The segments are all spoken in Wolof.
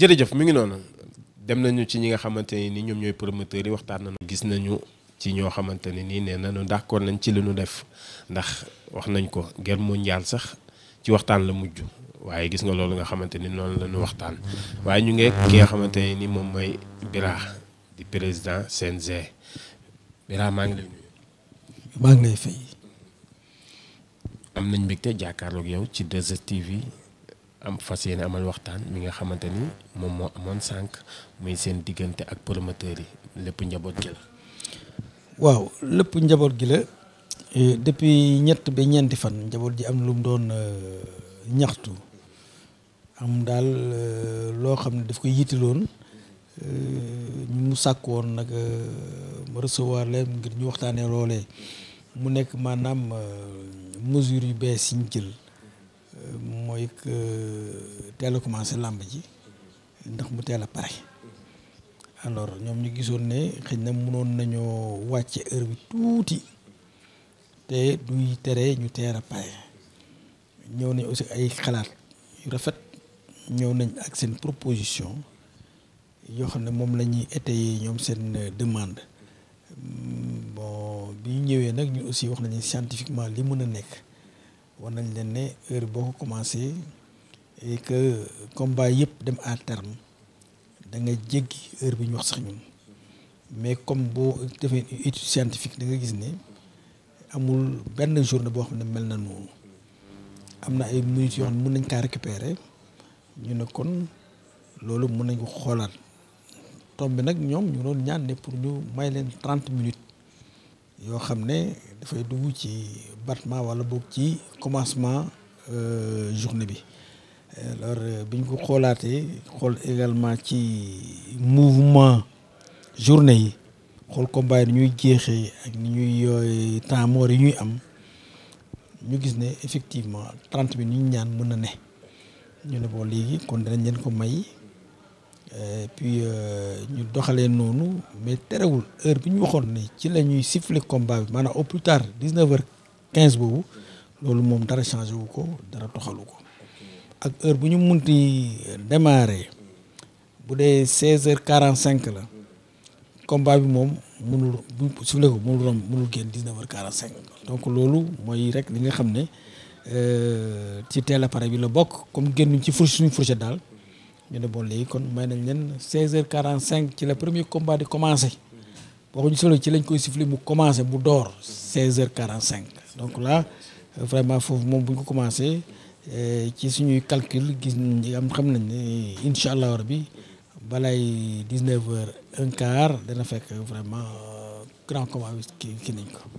jërëjëf mu ngi noonu dem nañu ci ñi nga xamante ni ñoom ñooy promoteurs yi waxtaan na nañu gis nañu ci ñoo xamante ne nii nee nañu d'accord nañ ci li ñu def ndax wax nañ ko guerre mondiale sax ci waxtaan la mujj waaye gis nga loolu nga xamante ni noonu la waxtaan waaye ñu ngi ki nga xamante ne ni moom mooy Bira di président CNG Bira maa ngi lay nuyu. maa ngi lay fay. am nañ mbégte jàkkaarloog yow ci 2STV. am fas yéene amal waxtaan mi nga xamante ni moom moo amoon sànq muy seen diggante ak promoteur yi lépp njaboot gi la. waaw lépp njaboot gi la depuis ñett ba ñeenti fan njaboot ji am lu mu doon euh, ñaxtu am daal euh, loo xam ne daf ko yittiloon euh, mu sàkkoon nag mu recevoir leen ngir ñu waxtaanee loolee mu nekk maanaam mesure yu bees yi ñu jël. mooy euh, teel a commencé làmb ji ndax mu teel a pare alors ñoom ñu gisoon ne xëy na mënoon nañoo wàcce heure bi tuuti te duy tere ñu teel a pare ñëw nañ aussi ay xalaat yu rafet ñëw nañ ak seen proposition yoo xam ne moom la ñuy étayer ñoom seen euh, demande bon bi ñu ñëwee nag ñu aussi wax nañu scientifiquement li mën a nekk. war nañ leen ne heure boo ko commencé et que combat yëpp dem à terme da nga jéggi heure bi ñu wax sax ñun mais comme boo defee étude scientifique da nga gis ne amul benn journée boo xam ne mel na noonu am na ay minutes yoo mun nañ kaa récupérer ñu ne kon loolu mun nañ ko xoolaat tomb bi nag ñoom ñu doon ñaan ne pour ñu may leen trente minutes yoo xam ne dafay dugg ci battement wala boog ci commencement euh, journée bi alors euh, bi ñu ko xoolaatee xool également ci mouvement journée yi xool combat ni ñuy jeexee ak ni ñuy yooy euh, temps yi ñuy am ñu gis ne effectivement trente minutes ñu ñaan mën na ne ñu ne boo léegi kon danañ leen ko may Euh, puis euh, ñu doxalee noonu mais terewul heure bi ñu waxoon ne ci la ñuy siffler combat bi maanaam au plus tard dix neuf quinze boobu loolu moom dara changé wu ko dara toxalu ko ak heure bu ñu munti démarrer bu dee seize heures quarante cinq la combat bi moom munul bu siffler ko mënul romb mënul génn dix neuf heures quarante cinq donc loolu mooy rek li nga xam ne euh, ci teel appareil bi la bokk comme génn génnuñ ci fourche suñu fourchette daal. ñu ne bon léegi kon may nañ leen 16h45 ci la premier combat di commencé waxuñu solo ci lañ koy siffler mu commencé mu door 16h45 donc là vraiment foofu moom bu ko commencé eh, ci suñuy calcul gis ñi am xam nañ ne incha allah rabi balay 19h un quart dana fekk vraiment euh, grand combat bi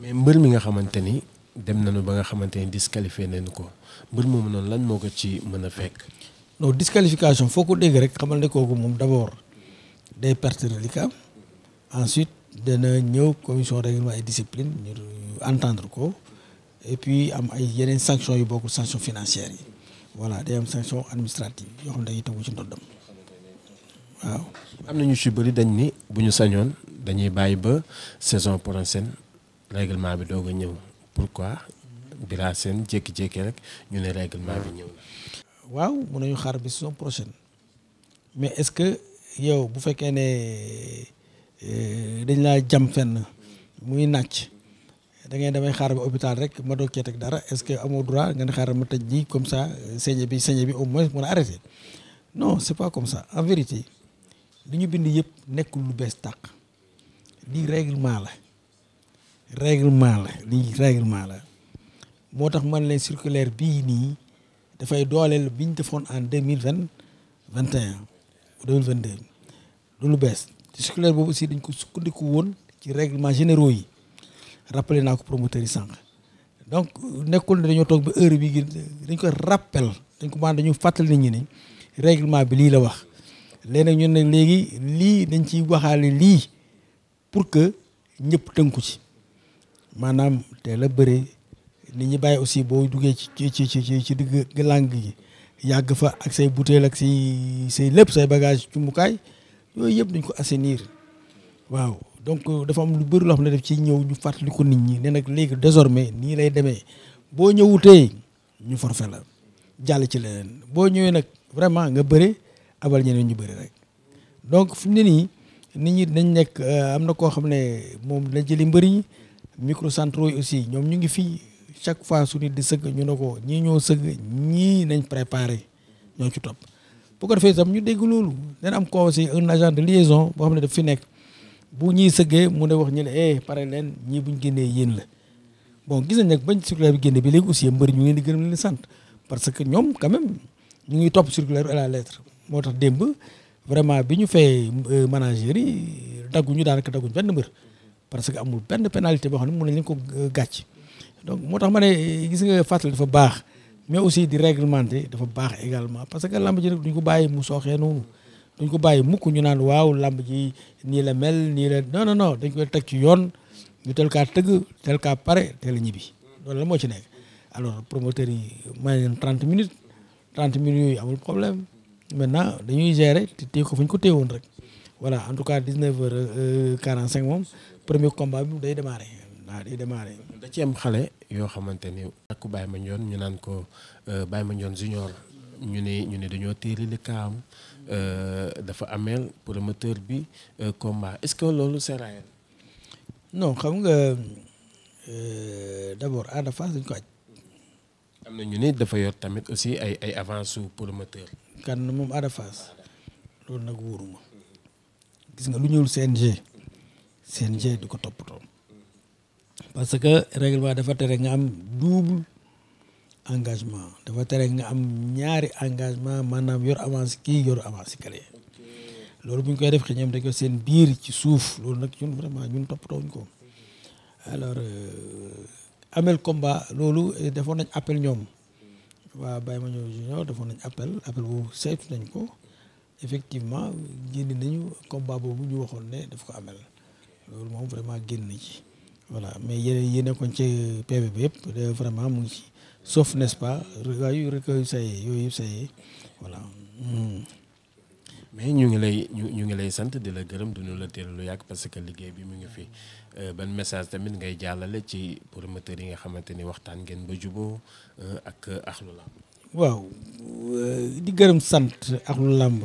mais mbër mi nga xamante ni dem nañu ba nga xamante ni disqualifié ko mbër moomu noonu lan moo ko ci mën a fekk. non disqualification foo ko dégg rek xamal ne kooku moom d'abord day perte reliquat ensuite dana ñëw commission règlement et discipline ñu entendre ko et puis am ay yeneen sanctions yu bokkul sanction financière yi voilà day am sanction administrative yoo xam ne dañuy tegu ci ndoddam waaw. am na ñu ci bëri dañ ni bu ñu sañoon dañuy bàyyi ba saison prochaine règlement bi doog a ñëw pourquoi Bira Sène jékki-jékki rek ñu ne règlement bi ñëw na. waaw mën nañu xaar ba saison prochaine mais est-ce que yow bu fekkee ne eh, dañ laa jam fenn muy nàcc da ngeen damay xaar ba hôpital rek ma doog cee dara est-ce que amoo droit ngeen xaar ma tëj ji comme ça euh, sañe bi sañe bi au moins mën a arrêté non c'est pas comme ça en vérité li ñu bind yëpp nekkul lu bees tàq lii réglement la règlement la lii réglement la moo tax man leen circulaire bii nii. dafay dooleel bi ñu defoon en deux mille vingt vingt et un deux mille vingt deux du lu bees ci circulaire boobu aussi dañ ko sukkandiku woon ci règlement généraux yi rappelé naa ko promoteur yi sànq donc nekkul ne dañoo toog ba heure bi dañ ko rappel dañ ko maanaam dañu fàttali nit ñi ne règlement bi lii la wax léegi ñun nag léegi lii dañ ciy waxaale lii pour que ñëpp tënku ci maanaam teel a bëre nit ñi bàyyi aussi boo duggee ci ci ci ci digg làng gi yàgg fa ak say butéel ak say say lépp say bagage cumukaay yooyu yëpp dañ ko assenir waaw donc dafa am lu bëri loo xam ne def ci ñëw ñu fàttali ko nit ñi ne nag léegi désormais nii lay demee boo ñëwutee ñu forfait la jàll ci leneen boo ñëwee nag vraiment nga bëri abal ñeneen ñu bëri rek donc fi mu ne nii nit ñi dañ nekk euh, am na koo xam ne moom la jëli mbëri yi micro yi aussi ñoom ñu ngi fii chaque fois su nit di sëgg ñu ne ko ñii ñoo sëgg ñii nañ préparé ñoo ci topp bu ko defee itam ñu dégg loolu dana am conseil un agent de liaison boo xam ne daf fi nekk bu ñuy sëggee mu ne wax ñu ne eh pare leen ñi buñ génnee yéen la bon gis nañ nag bañ circulaire bi génne bi léegi aussi mbëri ñu ngi leen di gërëm leen sant parce que ñoom quand même ñu ngi topp circulaire à la letre moo tax démb vraiment bi ñu fay euh, manager yi dagguñu daanaka dagguñu benn mbër parce que amul benn pénalité boo xam ne mun nañ leen ko euh, gàcc donc moo tax ma ne gis nga fàttali dafa baax mais aussi di réglementer dafa baax également parce que lamb ji nag duñ ko bàyyi mu sooxee noonu duñ ko bàyyi mukk ñu naan waaw lamb ji nii la mel nii la non non non dañ koy teg ci yoon ñu tel kaa tëgg tel kaa pare teel a ñibbi loolu la moo ci nekk alors promoteur yi may leen trente minutes trente minutes yooyu amul problème maintenant dañuy gérer te téye ko fu ko téye woon rek wala en tout cas dix neuf heures euh, quarante cinq moom premier combat day démarrer. waaw ah, day démarré xale yoo xamante ni takku Baye Mandione ñu naan ko euh, Baye Mandione junior ñu ne ñu ne dañoo téeli li kaam euh, dafa ameel promoteur bi euh, combat est-ce que loolu c'est réel non xam nga d'abord Ada Fass dañ ko aj am na ñu ne dafa yor tamit aussi ay ay avance su promoteur kan moom Ada Fass loolu nag wóoruma gis nga lu ñëwul CNG CNG du ko toppatoo parce que réglement dafa tere nga am double engagement dafa tere nga am ñaari engagement maanaam yor avance kii yor avance kale loolu bu ñu koy def xëy ñoom dañ seen biir ci suuf loolu nag ñun vraiment ñun toppatooñ ñu ko alors euh, amel combat loolu eh, defoon nañ appel ñoom waa Baye Mandione Junior defoon nañ appel appel boobu saytu nañ ko effectivement génn nañu combat boobu ñu waxoon ne daf ko amel loolu moom vraiment génn na ci. voilà mais yeneen yi nekkoon ci PV bi yëpp vraiment mu ngi ci sauf n'est-ce pas waayu rek ça y yooyu yëpp ça hmm. mais ñu ngi lay ñu ñu ngi lay sant di la gërëm duñu la teel lu yàgg parce que liggéey bi mu ngi fi euh, ban message tamit ngay jàllale ci promoteurs yi nga xamante ni waxtaan ngeen ba juboo euh, ak axlu làmb waaw euh, di gërëm sant axlu làmb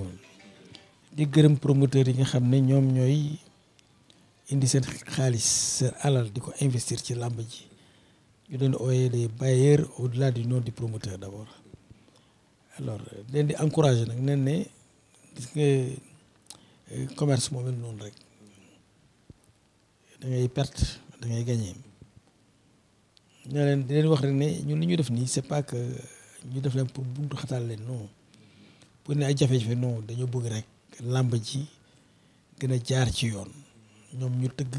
di gërëm promoteurs yi nga xam ne ñoom ñooy. indi seen xaalis seen alal di ko investir ci làmb ji ñu doon ooyee les bailleurs au di du di du promoteur d'abord alors leen di encourager nag nen ne gis nga euh, commerce moo mel noonu rek dangay ngay perte da ngay gagner ne leen di leen wax rek ne ñun li ñu def nii c'est pas que ñu def leen pour buntu xataal leen non pour ne ay jafe-jafe non dañoo bëgg rek làmb ji gën a jaar ci yoon ñoom ñu tëgg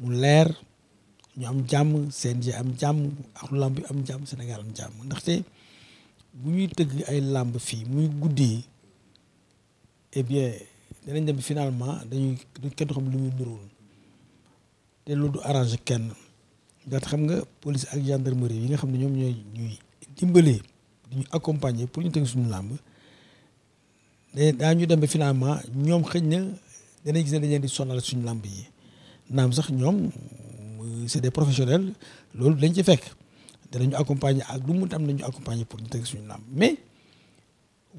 mu leer ñu am jàmm CNG am jàmm ak làmb yi am jàmm Sénégal am jàmm ndaxte bu ñuy tëgg ay làmb fii muy guddi yi eh bien danañ dem bi finalement dañuy kenn xam lu muy nuróol te loolu du kenn ndax xam nga police ak gendarmerie yi nga xam ne ñoom ñooy ñuy dimbalee di ñu accompagner pour ñu tëgg suñu làmb da daa ñu dem ba finalement ñoom xëj na danañ gis ne dañ di sonal suñu làmb yi naam sax ñoom c'est des professionnels loolu dañ ci fekk danañu accompagner ak lu mu tam nañu accompagner pour ñu teg suñu làmb mais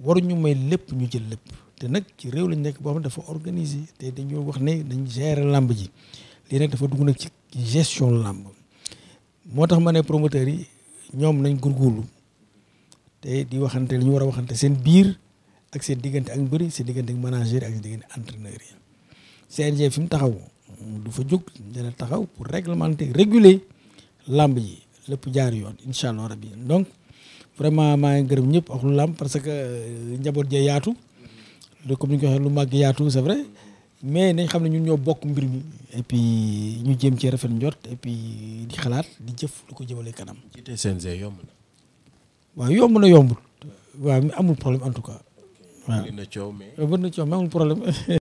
waruñu may lépp ñu jël lépp te nag ci réew lañu nekk boo xam ne dafa organiser te dañu wax ne dañ gérer làmb ji lii nag dafa dugg nag ci gestion làmb moo tax ma ne promoteurs yi ñoom nañ gurgurlu te di waxante li ñu war a waxante seen biir ak seen diggante ak mbëri seen diggante ak ak seen diggante entraîneur yi CNG fi mu taxaw du fa jóg dana taxaw pour réglementer réguler làmb ji lépp jaar yoon incha allah rabbi donc vraiment maa ngi gërëm ñëpp wax lu làmb parce que euh, njaboot jee yaatu lu comme ni ko waxee lu màgg yaatu c'est vrai mais nañ xam ne ñun ñoo bokk mbir mi et puis ñu jéem ci rafet njort et puis di xalaat di jëf lu ko jëmale kanam. jiite CNG yomb na. waaw yomb na amul problème en tout cas. waaw bëri na coow amul problème.